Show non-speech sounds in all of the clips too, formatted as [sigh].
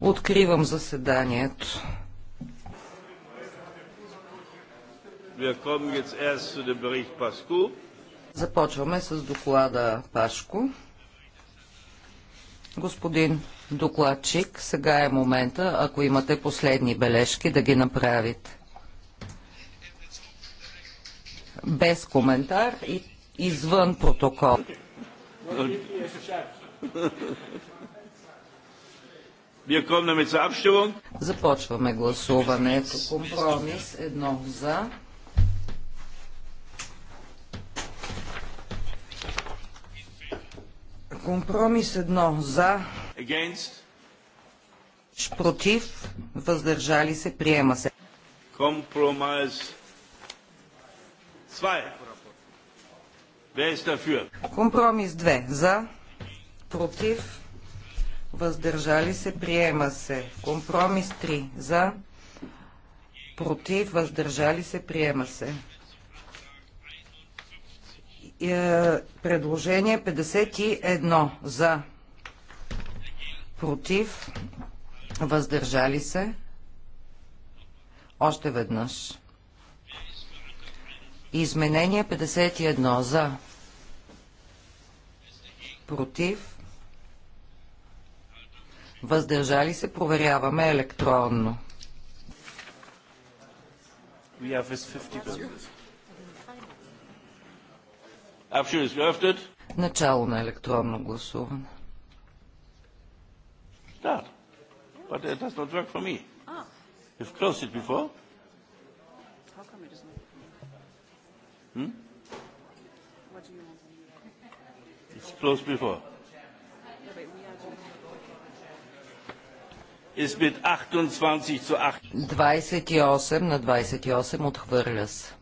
Откривам заседанието. Започваме с доклада Пашко. Господин докладчик, сега е момента, ако имате последни бележки, да ги направите. Без коментар и извън протокол. [laughs] Е, Започваме гласуването. Компромис едно за. Компромис едно за. Против. Въздържали се. Приема се. Компромис Компромис 2. За. Против въздържали се, приема се. Компромис 3 за, против, въздържали се, приема се. Е, предложение 51 за, против, въздържали се. Още веднъж. Изменение 51 за, против, въздържали се, проверяваме електронно. Начало на електронно гласуване. Start. But it does not work for me. Ah. You've closed it before. How come it is not? Hmm? What do you want? It's closed before. 28 на 28 отхвърля се.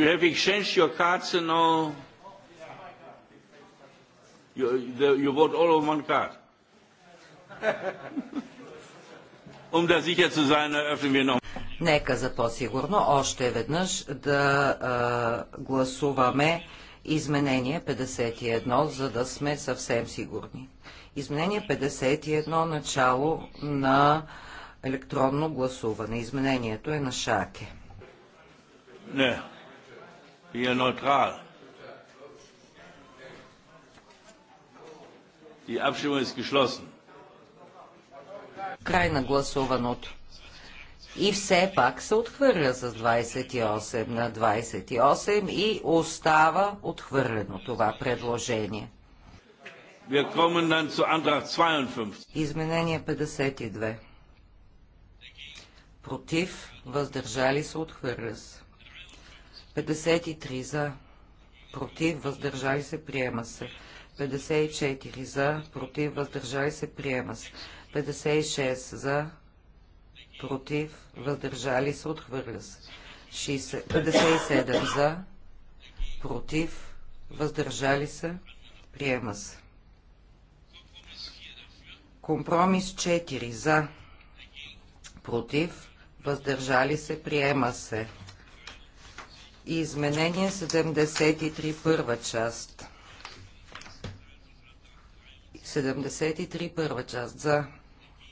You have exchanged your cards and all. You, the, you vote all on one card. um da sicher zu sein, eröffnen wir noch. Нека за по-сигурно още веднъж да а, гласуваме изменение 51, за да сме съвсем сигурни. Изменение 51, начало на електронно гласуване. Изменението е на шаке. Не, И е нейтрал. И Abstimmung е geschlossen. Край на гласуваното и все пак се отхвърля с 28 на 28 и остава отхвърлено това предложение. Изменение 52. Против, въздържали се, отхвърля се. 53 за, против, въздържали се, приема се. 54 за, против, въздържали се, приема се. 56 за, против, въздържали се, отхвърля се. 57 за, против, въздържали се, приема се. Компромис 4 за, против, въздържали се, приема се. И изменение 73 първа част. 73 първа част за,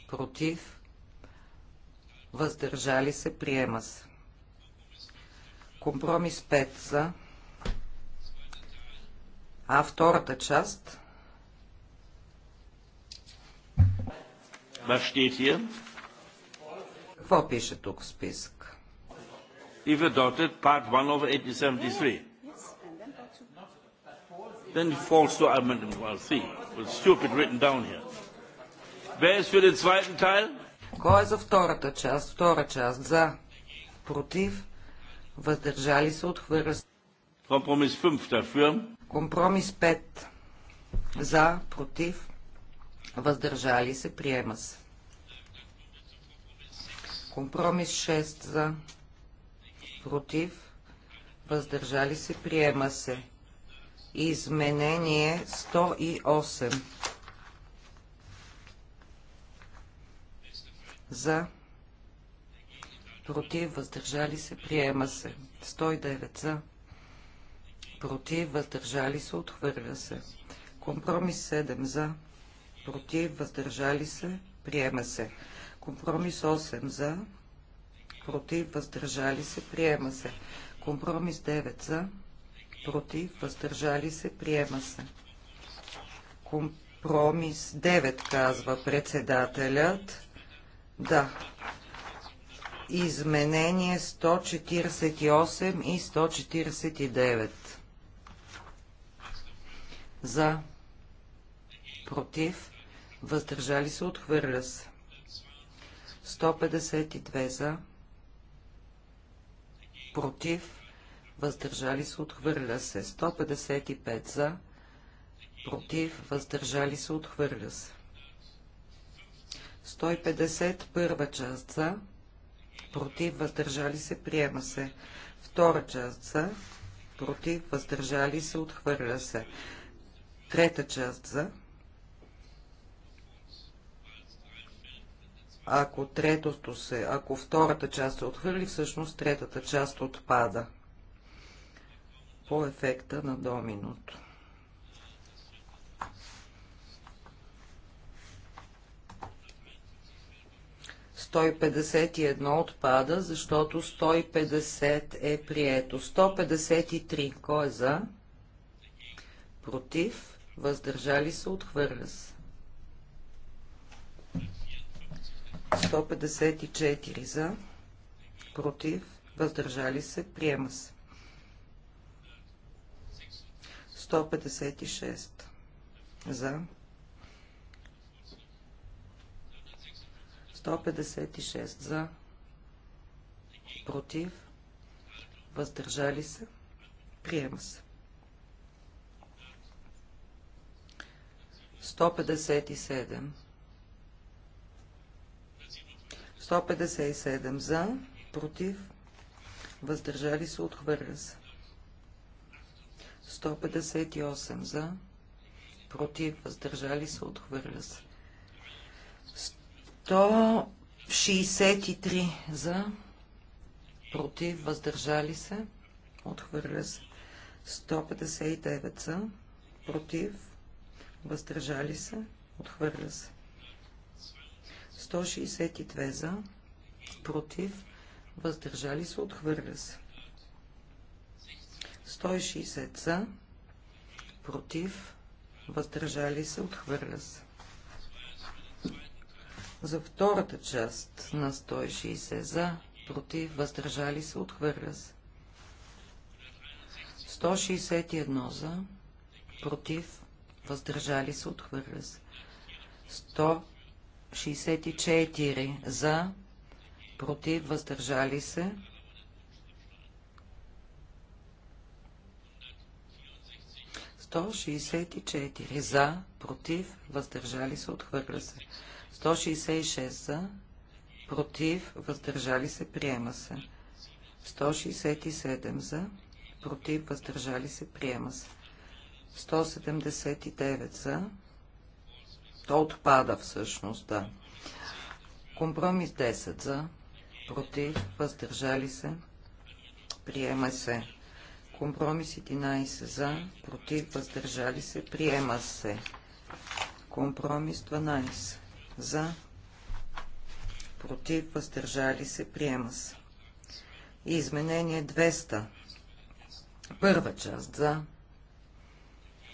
против, въздържали се, приема се. Компромис 5 за, а втората част. Какво пише тук в списък? If adopted, part 1 of 1873. Then it falls to amendment 1C. It's stupid written down here. Wer ist für den zweiten Teil? Кой е за втората част? Втора част. За. Против. Въздържали се. Отхвърля се. Компромис 5 Компромис 5. За. Против. Въздържали се. Приема се. Компромис 6 за. Против. Въздържали се. Приема се. Изменение 108. за, против, въздържали се, приема се. 109 за, против, въздържали се, отхвърля се. Компромис 7 за, против, въздържали се, приема се. Компромис 8 за, против, въздържали се, приема се. Компромис 9 за, против, въздържали се, приема се. Компромис 9 казва председателят. Да. Изменение 148 и 149. За. Против. Въздържали се. Отхвърля се. 152 за. Против. Въздържали се. Отхвърля се. 155 за. Против. Въздържали се. Отхвърля се. 150 първа част за, против, въздържали се, приема се. Втора част за, против, въздържали се, отхвърля се. Трета част за. Ако третото се, ако втората част се отхвърли, всъщност третата част отпада. По ефекта на доминото. 151 отпада, защото 150 е прието. 153. Кой е за? Против? Въздържали се? Отхвърля се. 154 за. Против? Въздържали се? Приема се. 156 за 156 за, против, въздържали се, приема се. 157 157 за, против, въздържали се, отхвърля се. 158 за, против, въздържали се, отхвърля се. 163 за, против, въздържали се, отхвърля се. 159 за, против, въздържали се, отхвърля се. 162 за, против, въздържали се, отхвърля се. 160 за, против, въздържали се, отхвърля се. За втората част на 160 за, против, въздържали се, отхвърля се. 161 за, против, въздържали се, отхвърля се. 164 за, против, въздържали се. 164 за, против, въздържали се, отхвърля се. 166 за, против, въздържали се, приема се. 167 за, против, въздържали се, приема се. 179 за, то отпада всъщност, да. Компромис 10 за, против, въздържали се, приема се. Компромис 11 за, против, въздържали се, приема се. Компромис 12 за, против, въздържали се, приема се. И изменение 200. Първа част за,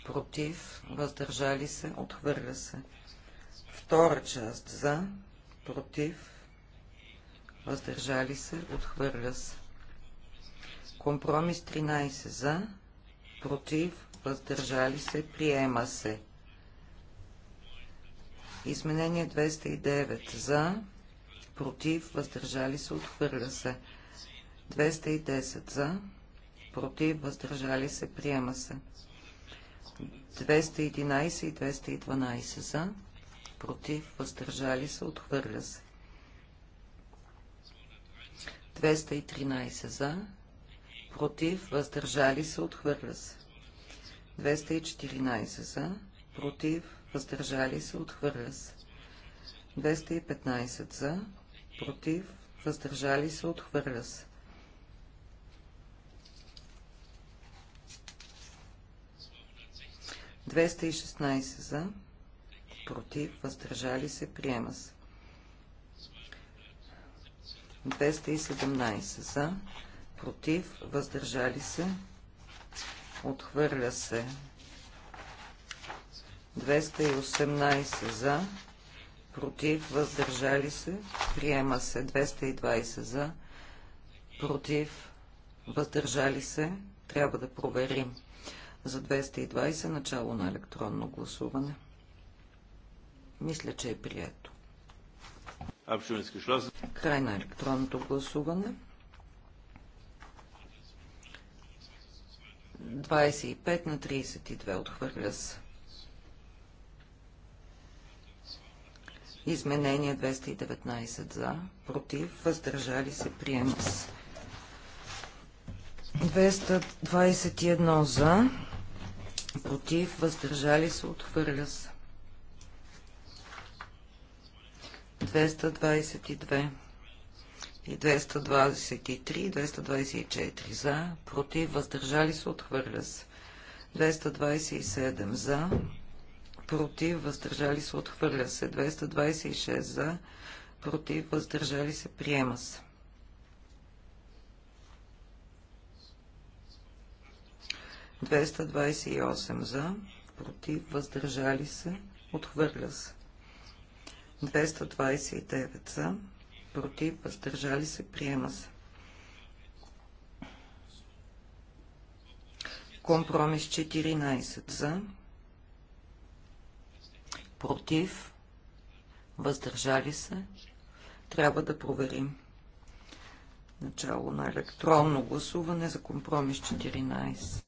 против, въздържали се, отхвърля се. Втора част за, против, въздържали се, отхвърля се. Компромис 13 за, против, въздържали се, приема се. Изменение 209 за, против, въздържали се, отхвърля се. 210 за, против, въздържали се, приема се. 211 и 212 за, против, въздържали се, отхвърля се. 213 за, против, въздържали се, отхвърля се. 214 за, против, въздържали се, отхвърля се. 215 за, против, въздържали се, отхвърля се. 216 за, против, въздържали се, приема се. 217 за, против, въздържали се, отхвърля се. 218 за, против, въздържали се, приема се 220 за, против, въздържали се, трябва да проверим. За 220 начало на електронно гласуване. Мисля, че е прието. Край на електронното гласуване. 25 на 32 отхвърля се. Изменение 219 за, против, въздържали се, приема се. 221 за, против, въздържали се, отхвърля се. 222 и 223 и 224 за, против, въздържали се, отхвърля се. 227 за, против, въздържали се, отхвърля се. 226 за, против, въздържали се, приема се. 228 за, против, въздържали се, отхвърля се. 229 за, против, въздържали се, приема се. Компромис 14 за, против, въздържали се, трябва да проверим. Начало на електронно гласуване за компромис 14.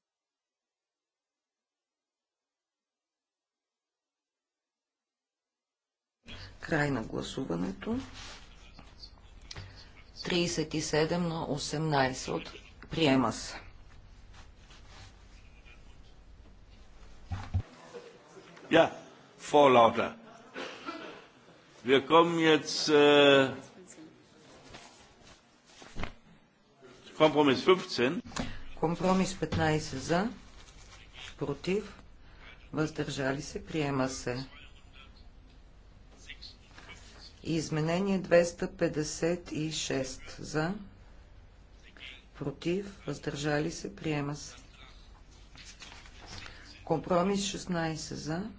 Край на гласуването. 37 на 18 от приема се. Yeah vor lauter. Wir kommen jetzt äh, Kompromiss 15. Kompromiss 15 за, против, въздържали се, приема се. Изменение 256 за, против, въздържали се, приема се. Компромис 16 за,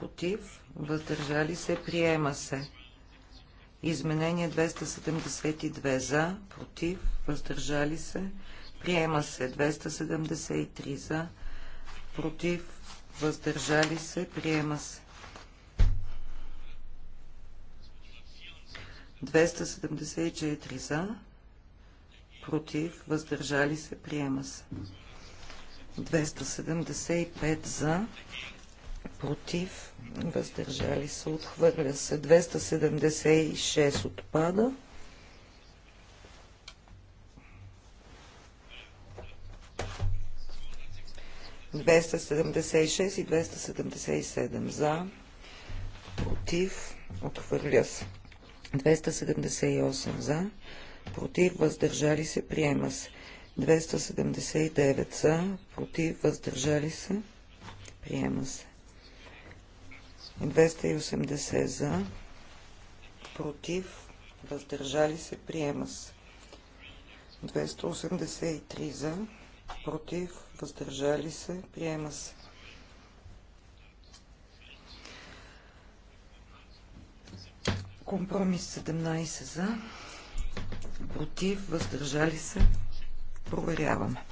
против, въздържали се, приема се. Изменение 272 за, против, въздържали се, приема се. 273 за, против, въздържали се, приема се. 274 за, против, въздържали се, приема се. 275 за, против, въздържали се, отхвърля се. 276 отпада. Двеста и 277 за, против, отхвърля се. 278 за, против, въздържали се, приема се. 279 за, против, въздържали се, приема се. 280 за, против, въздържали се, приема се. 283 за, против, въздържали се, приема се. Компромис 17 за, против, въздържали се, проверяваме.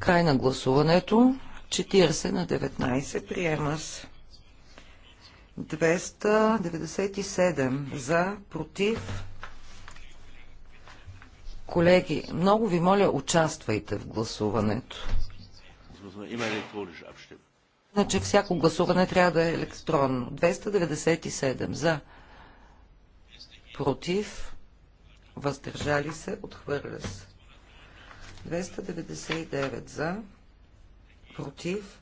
Край на гласуването. 40 на 19 приема се. 297 за, против. Колеги, много ви моля, участвайте в гласуването. Значи, всяко гласуване трябва да е електронно. 297 за, против, въздържали се, отхвърля се. 299 за, против,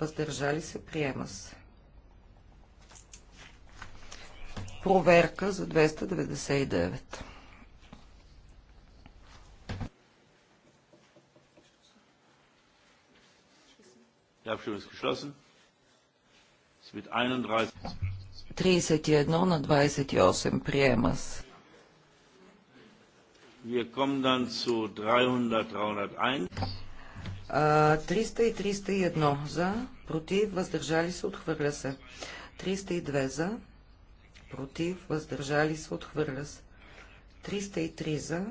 въздържали се, приема се. Проверка за 299. 31 на 28 приема се. Wir kommen dann zu 300, 301. 300 и 301 за, против, въздържали се, отхвърля се. 302 за, против, въздържали се, отхвърля се. 303 за,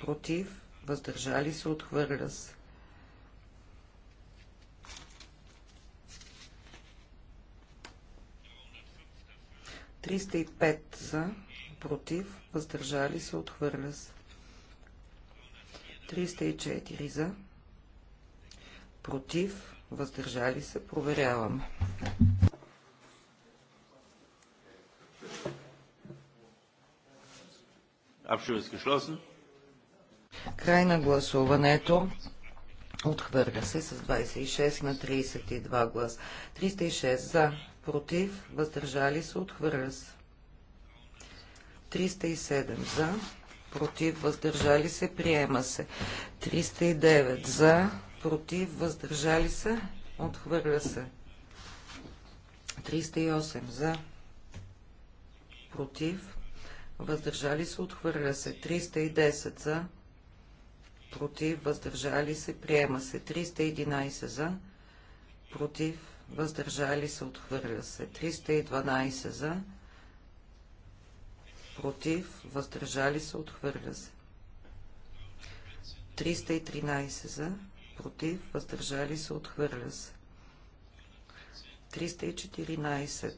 против, въздържали се, отхвърля се. 305 за, против, въздържали се, отхвърля се. 304 за, против, въздържали се, проверяваме. Е Край на гласуването. Отхвърля се с 26 на 32 глас. 306 за, против, въздържали се, отхвърля се. 307 за, против, въздържали се, приема се. 309 за, против, въздържали се, отхвърля се. 308 за, против, въздържали се, отхвърля се. 310 за, против, въздържали се, приема се. 311 за, против, въздържали се, отхвърля се. 312 за, против, против, въздържали се, отхвърля се. 313 за, против, въздържали се, отхвърля се. 314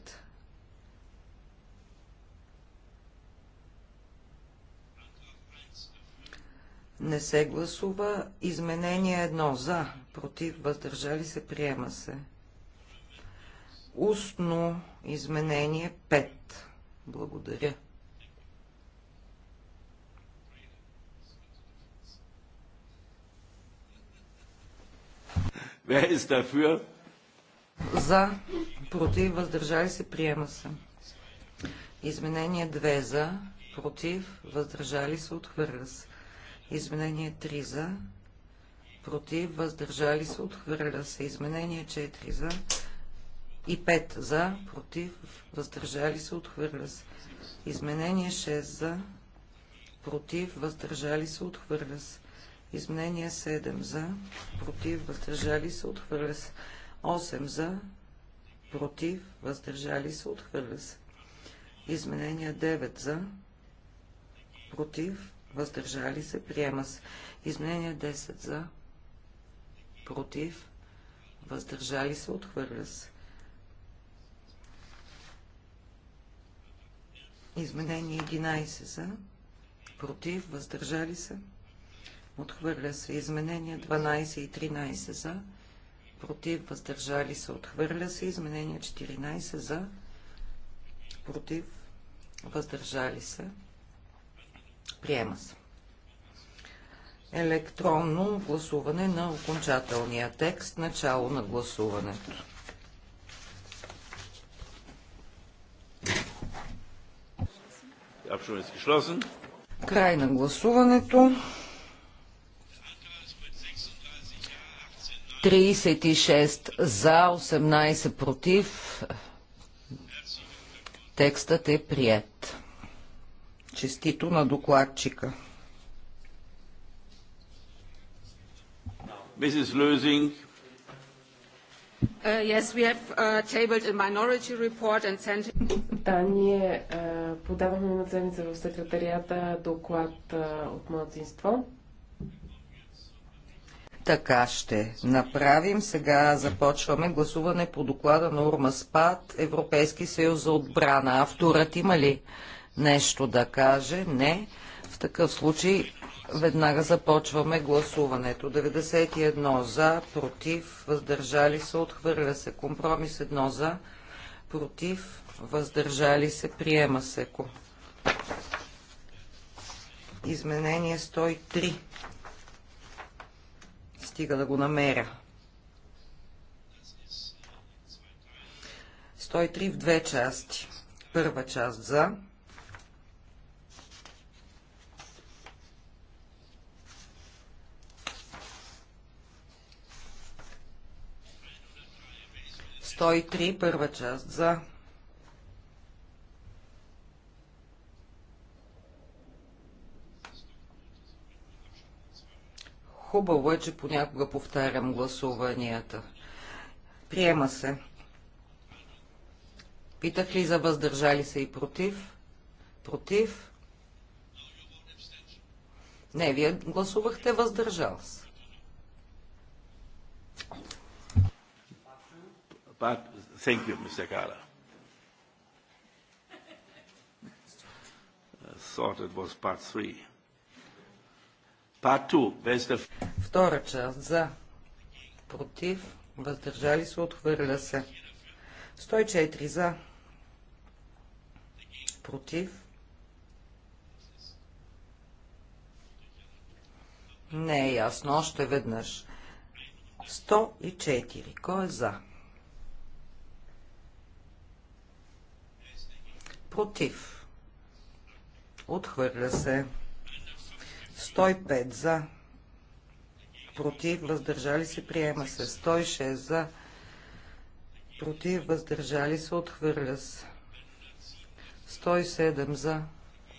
Не се гласува. Изменение едно. За. Против. Въздържали се. Приема се. Устно изменение 5. Благодаря. Wer ist dafür? За, против, въздържали се, приема се. Изменение 2 за, против, въздържали се, отхвърля се. Изменение 3 за, против, въздържали се, отхвърля се. Изменение 4 за и 5 за, против, въздържали се, отхвърля се. Изменение 6 за, против, въздържали се, отхвърля се. Изменение 7 за, против, въздържали се, отхвърля се. 8 за, против, въздържали се, отхвърля се. Изменение 9 за, против, въздържали се, приема се. Изменение 10 за, против, въздържали се, отхвърля се. Изменение 11 за, против, въздържали се, Отхвърля се. Изменения 12 и 13 за. Против. Въздържали се. Отхвърля се. Изменения 14 за. Против. Въздържали се. Приема се. Електронно гласуване на окончателния текст. Начало на гласуването. Край на гласуването. 36 за, 18 против. Текстът е прият. Честито на докладчика. Мисис Лузинг. Uh, uh, да, ние подаваме uh, подавахме на ценица в секретарията доклад от младсинство. Така ще направим. Сега започваме гласуване по доклада на Урма Спад, Европейски съюз за отбрана. Авторът има ли нещо да каже? Не. В такъв случай веднага започваме гласуването. 91 за, против, въздържали се, отхвърля се. Компромис 1 за, против, въздържали се, приема се. Изменение 103 Стига да го намеря. 103 в две части. Първа част за. Сто три, първа част за. Хубаво е, че понякога повтарям гласуванията. Приема се. Питах ли за въздържали се и против? Против? Не, вие гласувахте въздържал се. But, thank you, Mr. Gala. I thought it was part three. Втора част за. Против. Въздържали се. Отхвърля се. 104 за. Против. Не е ясно. Още веднъж. 104. Кой е за? Против. Отхвърля се. 105 за, против, въздържали се, приема се. 106 за, против, въздържали се, отхвърля се. 107 за,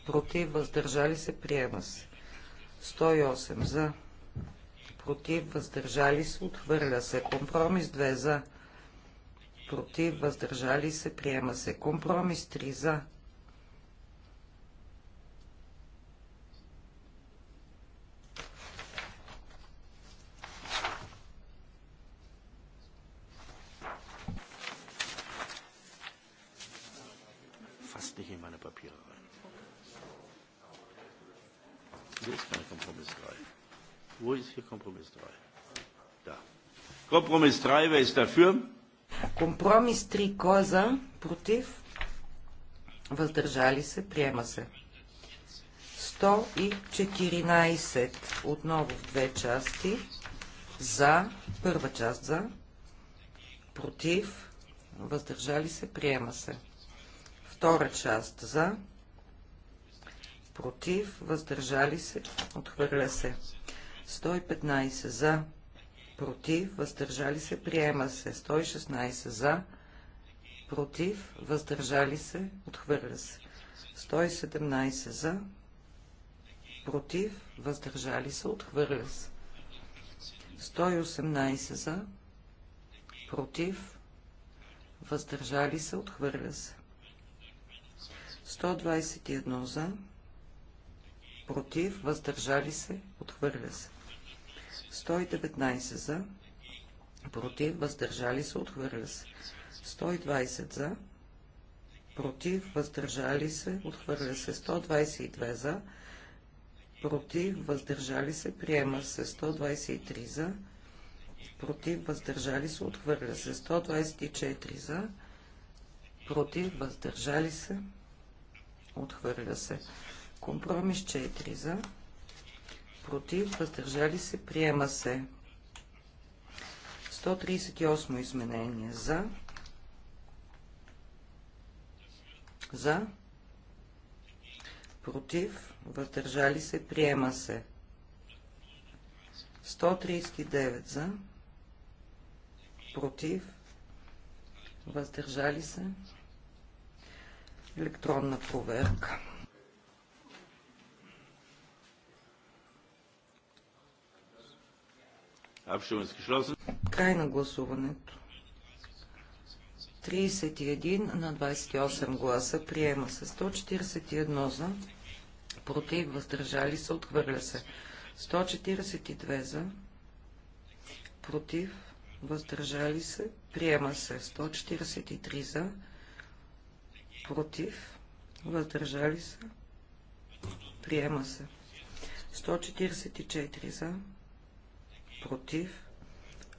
против, въздържали се, приема се. 108 за, против, въздържали се, отхвърля се. Компромис 2 за, против, въздържали се, приема се. Компромис 3 за, Hier ist kein Kompromiss 3. Wo ist hier Kompromiss 3? Da. Kompromiss 3, wer ist dafür? Компромис 3 кой е за, против, въздържали се, приема се. 114 отново в две части. За, първа част за, против, въздържали се, приема се. Втора част за, против, въздържали се, отхвърля се. 115 за, против, въздържали се, приема се. 116 за, против, въздържали се, отхвърля се. 117 за, против, въздържали се, отхвърля се. 118 за, против, въздържали се, отхвърля се. 121 за, против, въздържали се, отхвърля се. 119 за, против, въздържали се, отхвърля се. 120 за, против, въздържали се, отхвърля се. 122 за, против, въздържали се, приема се. 123 за, против, въздържали се, отхвърля се. 124 за, против, въздържали се, Отхвърля се. Компромис 4 за. Против. Въздържали се. Приема се. 138 изменение за. За. Против. Въздържали се. Приема се. 139 за. Против. Въздържали се електронна проверка. Край на гласуването. 31 на 28 гласа приема се 141 за, против, въздържали се, отхвърля се. 142 за, против, въздържали се, приема се. 143 за, против, въздържали се, приема се. 144 за, против,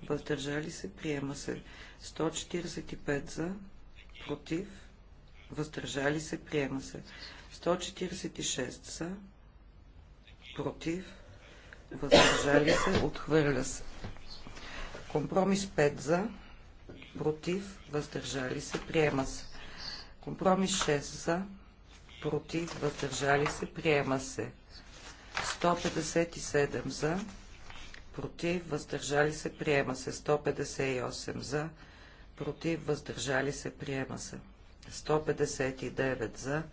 въздържали се, приема се. 145 за, против, въздържали се, приема се. 146 за, против, въздържали се, отхвърля се. Компромис 5 за, против, въздържали се, приема се. Компромис 6 за, против, въздържали се, приема се. 157 за, против, въздържали се, приема се. 158 за, против, въздържали се, приема се. 159 за,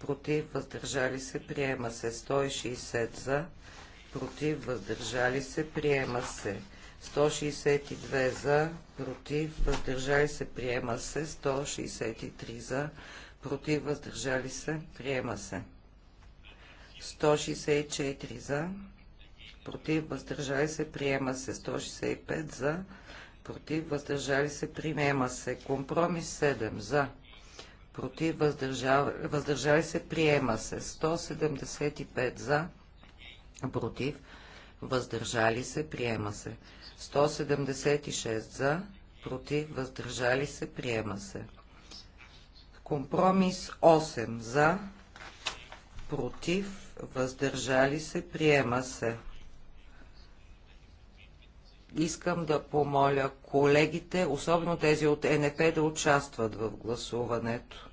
против, въздържали се, приема се. 160 за, против, въздържали се, приема се. 162 за, против, въздържали се, приема се. 163 за, против, въздържали се, приема се. 164 за, против, въздържали се, приема се. 165 за, против, въздържали се, приема се. Компромис 7 за, против, въздържали, въздържали се, приема се. 175 за, против, въздържали се, приема се. 176 за, против, въздържали се, приема се. Компромис 8 за, против, въздържали се, приема се. Искам да помоля колегите, особено тези от НП, да участват в гласуването.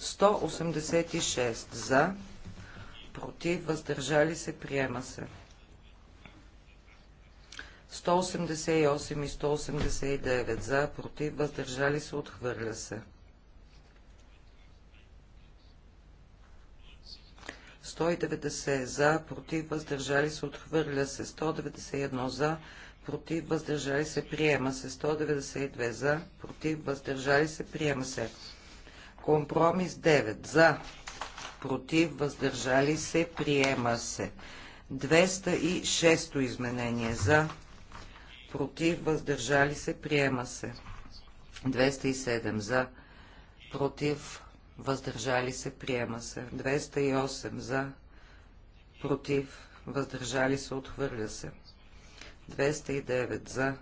186 за, против, въздържали се, приема се. 188 и 189 за, против, въздържали се, отхвърля се. 190 за, против, въздържали се, отхвърля се. 191 за, против, въздържали се, приема се. 192 за, против, въздържали се, приема се. Компромис 9 за, против, въздържали се, приема се. 206 изменение за, против, въздържали се, приема се. 207 за, против, въздържали се, приема се. 208 за, против, въздържали се, отхвърля се. 209 за,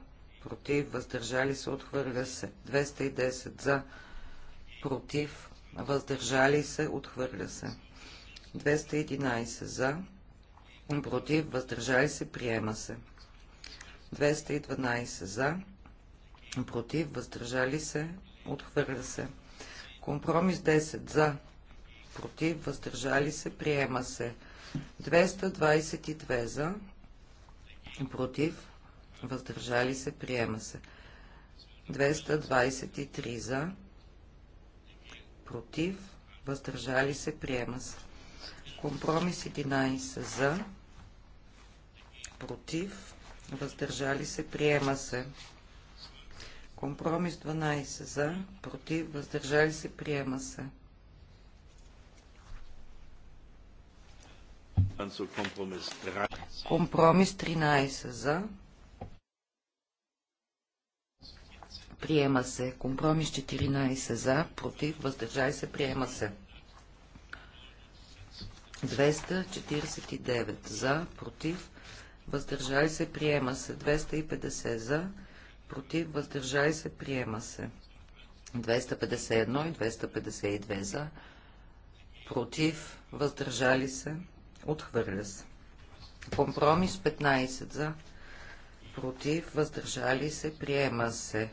против, въздържали се, отхвърля се. 210 за, против, въздържали се, отхвърля се. 211 за, против, въздържали се, приема се. 212 за, против, въздържали се, отхвърля се. Компромис 10 за, против, въздържали се, приема се. 222 за, против, въздържали се, приема се. 223 за, против, въздържали се, приема се. Компромис 11 за, против, въздържали се, приема се. Компромис 12 за, против, въздържали се, приема се. Компромис 13 за. Приема се. Компромис 14 за. Против. Въздържай се. Приема се. 249 за. Против въздържали се, приема се. 250 за, против, въздържали се, приема се. 251 и 252 за, против, въздържали се, отхвърля се. Компромис 15 за, против, въздържали се, приема се.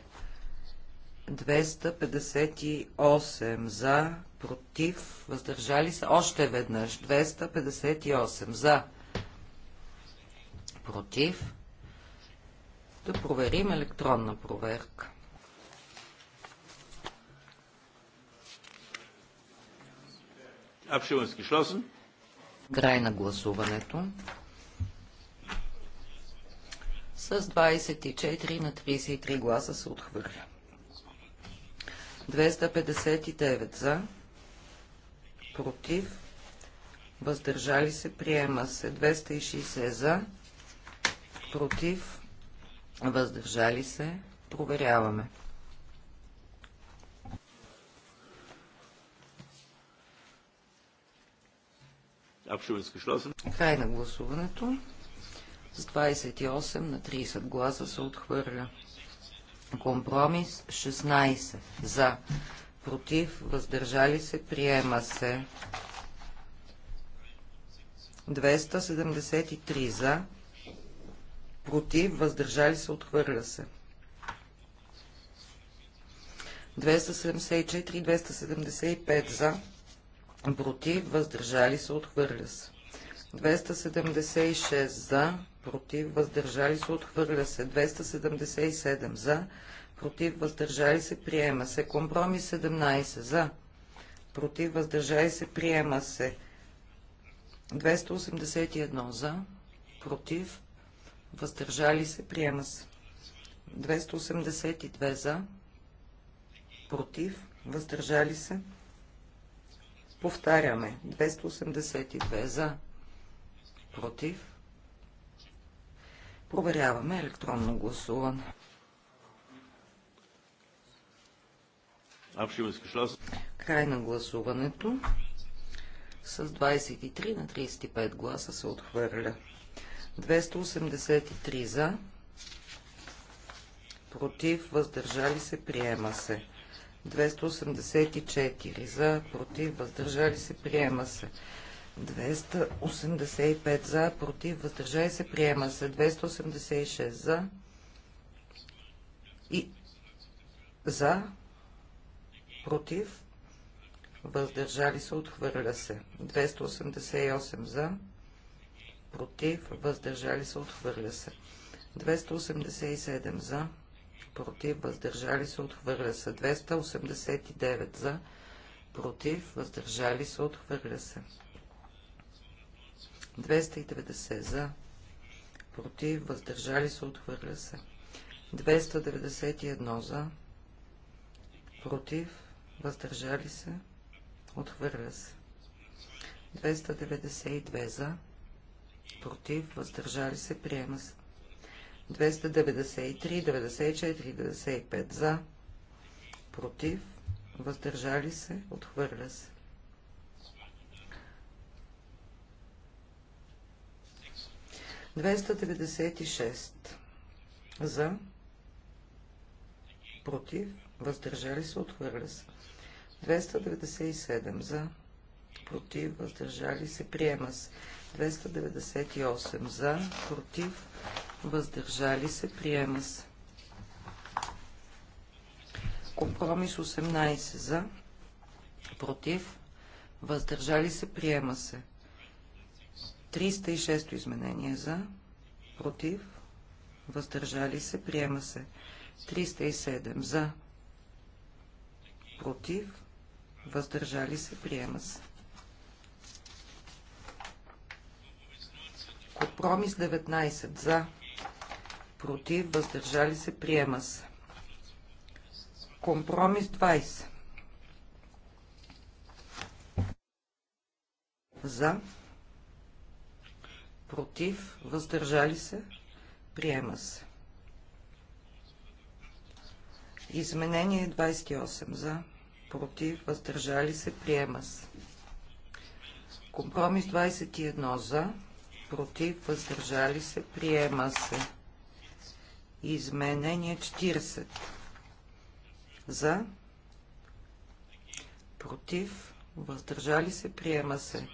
258 за, против, въздържали се, още веднъж, 258 за, против. Да проверим електронна проверка. Край на гласуването. С 24 на 33 гласа се отхвърля. 259 за, против, въздържали се, приема се. 260 за, против, въздържали се, проверяваме. Край на гласуването. С 28 на 30 гласа се отхвърля. Компромис 16 за, против, въздържали се, приема се. 273 за, против, въздържали се, отхвърля се. 274 и 275 за, против, въздържали се, отхвърля се. 276 за, против, въздържали се, отхвърля се. 277 за, против, въздържали се, приема се. Компромис 17 за, против, въздържали се, приема се. 281 за, против, въздържали се, приема се. 282 за, против, въздържали се. Повтаряме. 282 за, против. Проверяваме електронно гласуване. Е Край на гласуването. С 23 на 35 гласа се отхвърля. 283 за, против, въздържали се, приема се. 284 за, против, въздържали се, приема се. 285 за, против, въздържали се, приема се. 286 за и за, против, въздържали се, отхвърля се. 288 за, против, въздържали се, отхвърля се. 287 за, против, въздържали се, отхвърля се. 289 за, против, въздържали се, отхвърля се. 290 за, против, въздържали се, отхвърля се. 291 за, против, въздържали се, отхвърля се. 292 за, против, въздържали се, приема се. 293, 94, 95 за, против, въздържали се, отхвърля се. 296 за, против, въздържали се, отхвърля се. 297 за, против, въздържали се, приема се. 298 за, против, въздържали се, приема се. Компромис 18 за, против, въздържали се, приема се. 306 изменение за, против, въздържали се, приема се. 307 за, против, въздържали се, приема се. Компромис 19 за, против, въздържали се, приема се. Компромис 20 за, против, въздържали се, приема се. Изменение 28 за, против, въздържали се, приема се. Компромис 21 за, против, въздържали се, приема се. Изменение 40. За, против, въздържали се, приема се.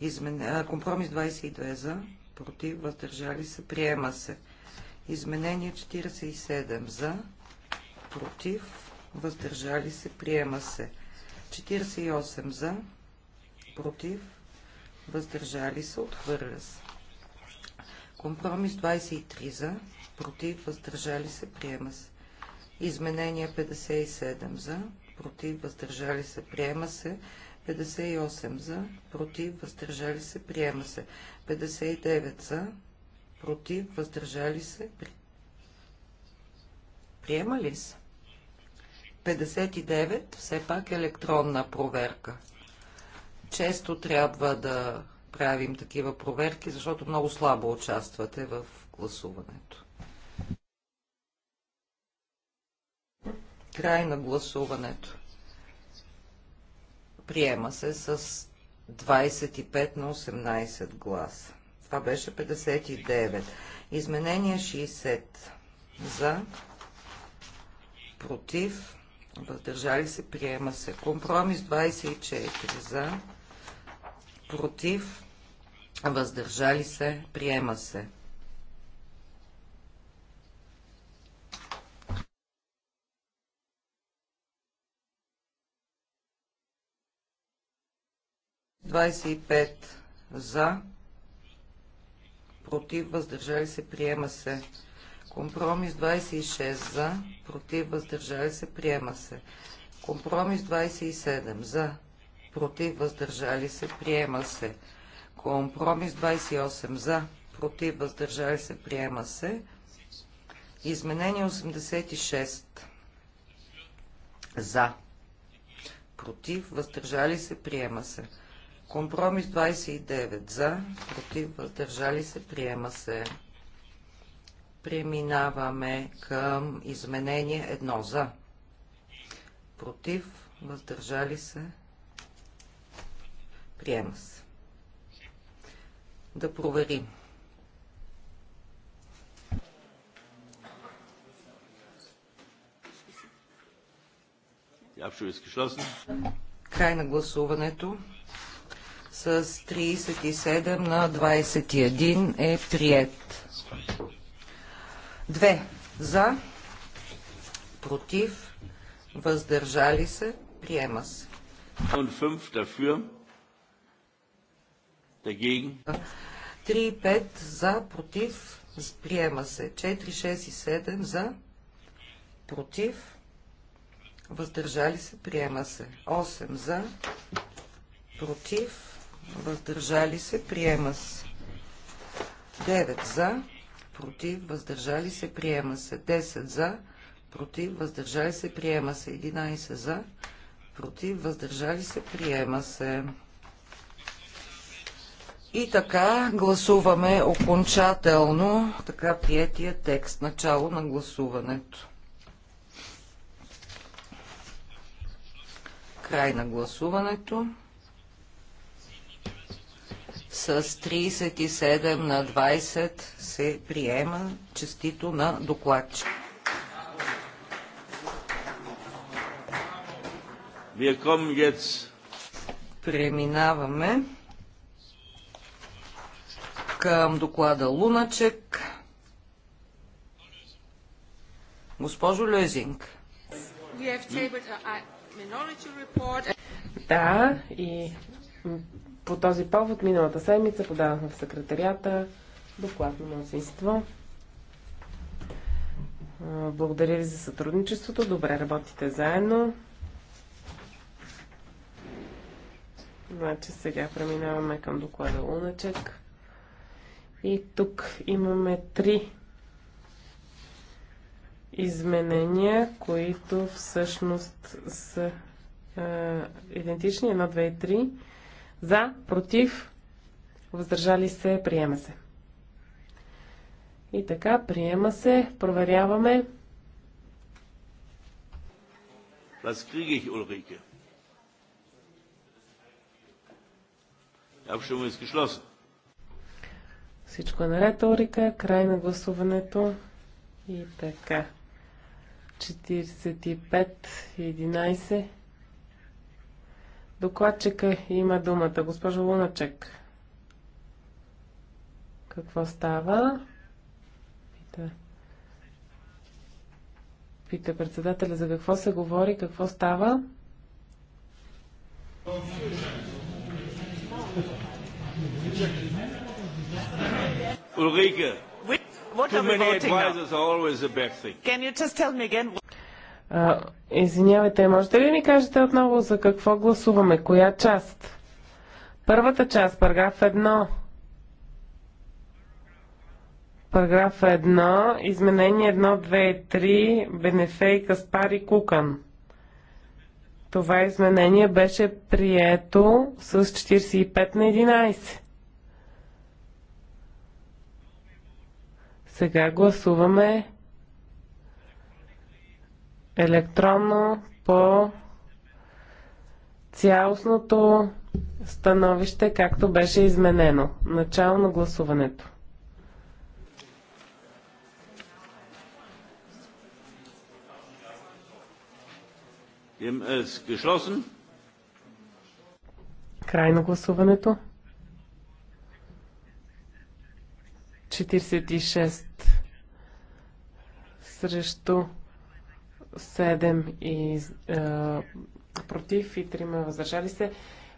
Измен... Компромис 22 за, против, въздържали се, приема се. Изменение 47 за, против, въздържали се, приема се. 48 за, против, въздържали се, отхвърля се. Компромис 23 за, против, въздържали се, приема се. Изменение 57 за, против, въздържали се, приема се. 58 за, против, въздържали се, приема се. 59 за, против, въздържали се, приема ли се? 59, все пак е електронна проверка. Често трябва да правим такива проверки, защото много слабо участвате в гласуването. Край на гласуването. Приема се с 25 на 18 гласа. Това беше 59. Изменение 60. За. Против. Въздържали се. Приема се. Компромис 24. За против, въздържали се, приема се. Двадесет пет за, против, въздържали се, приема се. Компромис 26 за, против, въздържали се, приема се. Компромис 27 за, против, въздържали се, приема се. Компромис 28 за, против, въздържали се, приема се. Изменение 86 за, против, въздържали се, приема се. Компромис 29 за, против, въздържали се, приема се. Преминаваме към изменение 1 за, против, въздържали се, Приема се. Да проверим. Край на гласуването с 37 на 21 е прият. 2. За, против, въздържали се, приема се. 5 Dagegen. 3, 5 за, против, приема се. 4, 6 и 7 за, против, въздържали се, приема се. 8 за, против, въздържали се, приема се. 9 за, против, въздържали се, приема се. 10 за, против, въздържали се, приема се. 11 за, против, въздържали се, приема се. И така гласуваме окончателно така приятия текст. Начало на гласуването. Край на гласуването с 37 на 20 се приема честито на докладчик. Преминаваме към доклада Луначек. Госпожо Лезинг. Да, и по този повод миналата седмица подавахме в секретарията доклад на мнозинство. Благодаря ви за сътрудничеството. Добре работите заедно. Значи сега преминаваме към доклада Луначек. И тук имаме три изменения, които всъщност са е, идентични. Едно, две и три. За, против, въздържали се, приема се. И така, приема се, проверяваме. Was kriege ich, Ulrike? Die Abstimmung ist geschlossen. Всичко е на Орика. Край на гласуването. И така. 45, 11. Докладчика има думата. Госпожо Луначек. Какво става? Пита. Пита председателя за какво се говори, какво става. Confusion. Ulrike, what too many advisors are always a bad thing. Can you just tell me again? А, извинявайте, можете ли ми кажете отново за какво гласуваме? Коя част? Първата част, параграф 1. Параграф 1, изменение 1, 2 и 3, Бенефей, Каспар и Кукан. Това изменение беше прието с 45 на 11. Сега гласуваме електронно по цялостното становище, както беше изменено. Начало е на гласуването. Крайно гласуването. 46 срещу 7 и а, е, против и 3 въздържали се.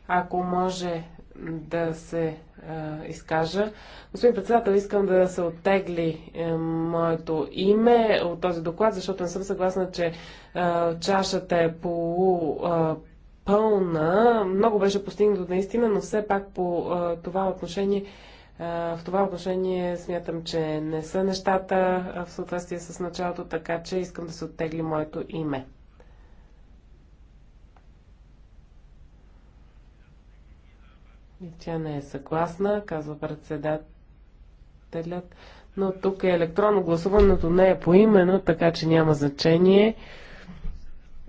Ако може да се а, е, изкажа. Господин председател, искам да се оттегли е, моето име от този доклад, защото не съм съгласна, че а, е, чашата е полу а, пълна. Много беше постигнато наистина, но все пак по а, това отношение в това отношение смятам, че не са нещата в съответствие с началото, така че искам да се оттегли моето име. И тя не е съгласна, казва председателят. Но тук е електронно гласуването, не е поименно, така че няма значение.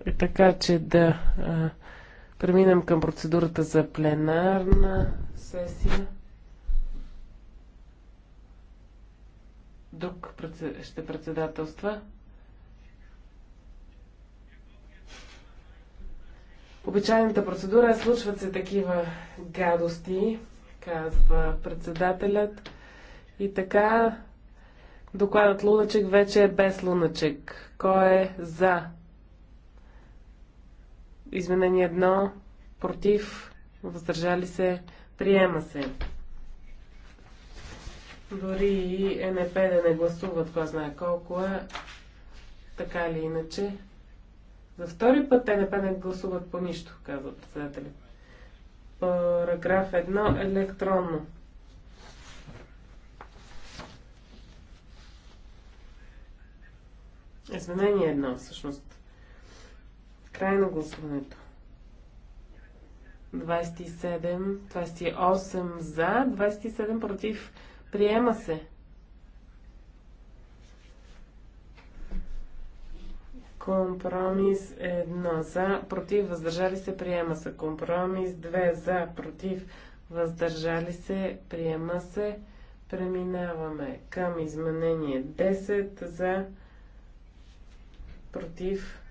И така че да а, преминем към процедурата за пленарна сесия. друг ще председателства. Обичайната процедура е случват се такива гадости, казва председателят. И така, докладът Луначек вече е без Луначек. Кой е за? Изменение едно, против, въздържали се, приема се. Дори и НП да не гласуват, кой знае колко е, така или иначе. За втори път НП не гласуват по нищо, казва председателят. Параграф 1. Електронно. Изменение едно, всъщност. Крайно гласуването. 27, 28 за, 27 против, Приема се. Компромис 1 за, против, въздържали се, приема се. Компромис 2 за, против, въздържали се, приема се. Преминаваме към изменение 10 за, против,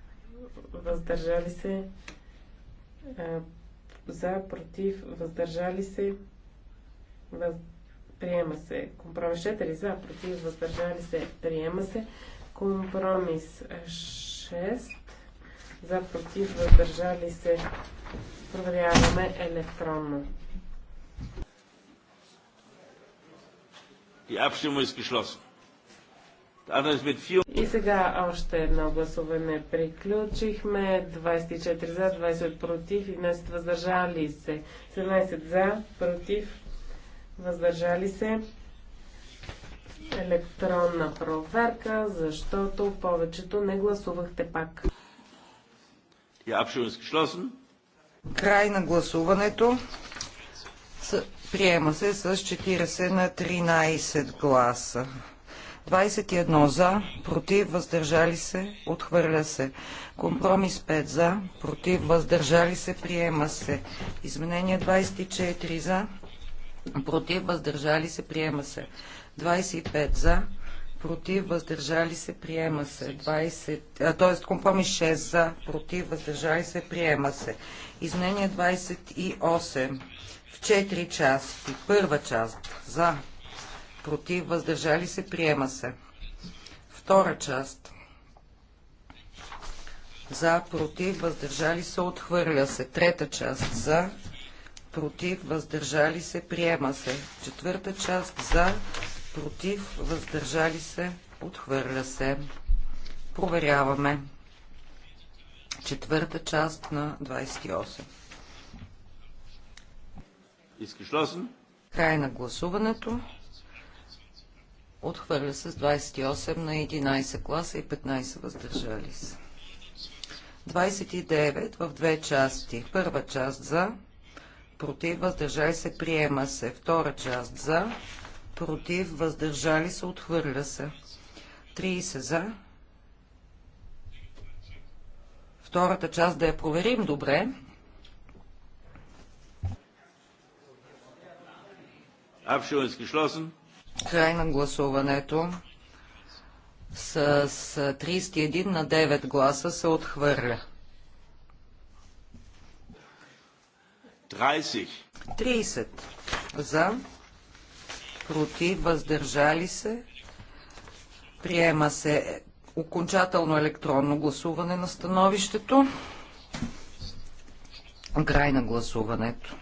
въздържали се, за, против, въздържали се, въздържали се Приема се. Компромис 4 за, против, въздържали се. Приема се. Компромис 6 за, против, въздържали се. Проверяваме електронно. И сега още едно гласуване. Приключихме. 24 за, 20 против и днес въздържали се. 17 за, против, въздържали се електронна проверка, защото повечето не гласувахте пак. Край на гласуването. Приема се с 40 на 13 гласа. 21 за, против, въздържали се, отхвърля се. Компромис 5 за, против, въздържали се, приема се. Изменение 24 за, против, въздържали се, приема се. 25 за, против, въздържали се, приема се. 20, т.е. компромис 6 за, против, въздържали се, приема се. Изменение 28 в 4 части. Първа част за, против, въздържали се, приема се. Втора част за, против, въздържали се, отхвърля се. Трета част за, против, въздържали се, приема се. Четвърта част за, против, въздържали се, отхвърля се. Проверяваме. Четвърта част на 28. Изгешлосен. Край на гласуването. Отхвърля се с 28 на 11 класа и 15 въздържали се. 29 в две части. Първа част за, против, въздържали се, приема се. Втора част за, против, въздържали се, отхвърля се. 30 за. Втората част да я проверим добре. Край на гласуването с 31 на 9 гласа се отхвърля. 30. 30 за, против, въздържали се. Приема се окончателно електронно гласуване на становището. Край на гласуването.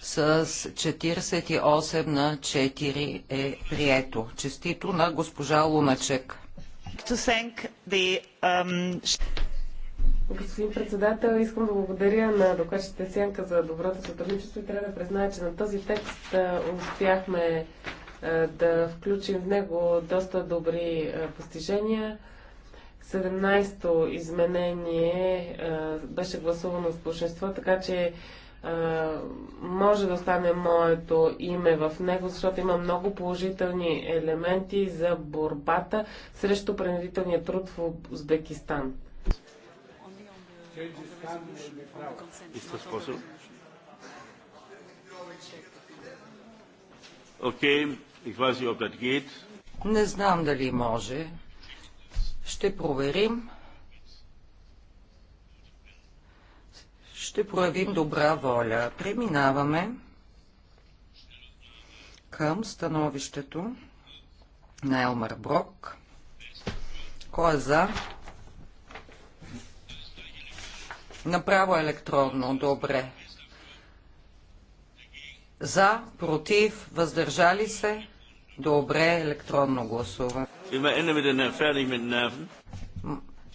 С 48 на 4 е прието. Честито на госпожа Луначек. To thank the, um... Господин председател, искам да благодаря на докладчите Сянка за доброто сътрудничество и трябва да призная, че на този текст успяхме да включим в него доста добри постижения. 17-то изменение беше гласувано с большинство, така че може да остане моето име в него, защото има много положителни елементи за борбата срещу принудителния труд в Узбекистан. Ist das possible? Okay, ich weiß nicht, ob das geht. Не знам дали може. Ще проверим. Ще проявим добра воля. Преминаваме към становището на Елмар Брок. Кой е за? Направо електронно, добре. За, против, въздържали се. Добре, електронно гласуване.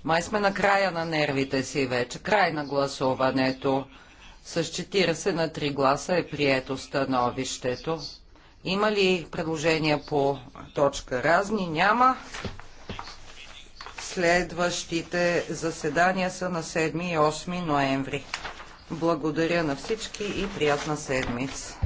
Май сме на края на нервите си вече. Край на гласуването. С 40 на 3 гласа е прието становището. Има ли предложения по точка разни? Няма. Следващите заседания са на 7 и 8 ноември. Благодаря на всички и приятна седмица.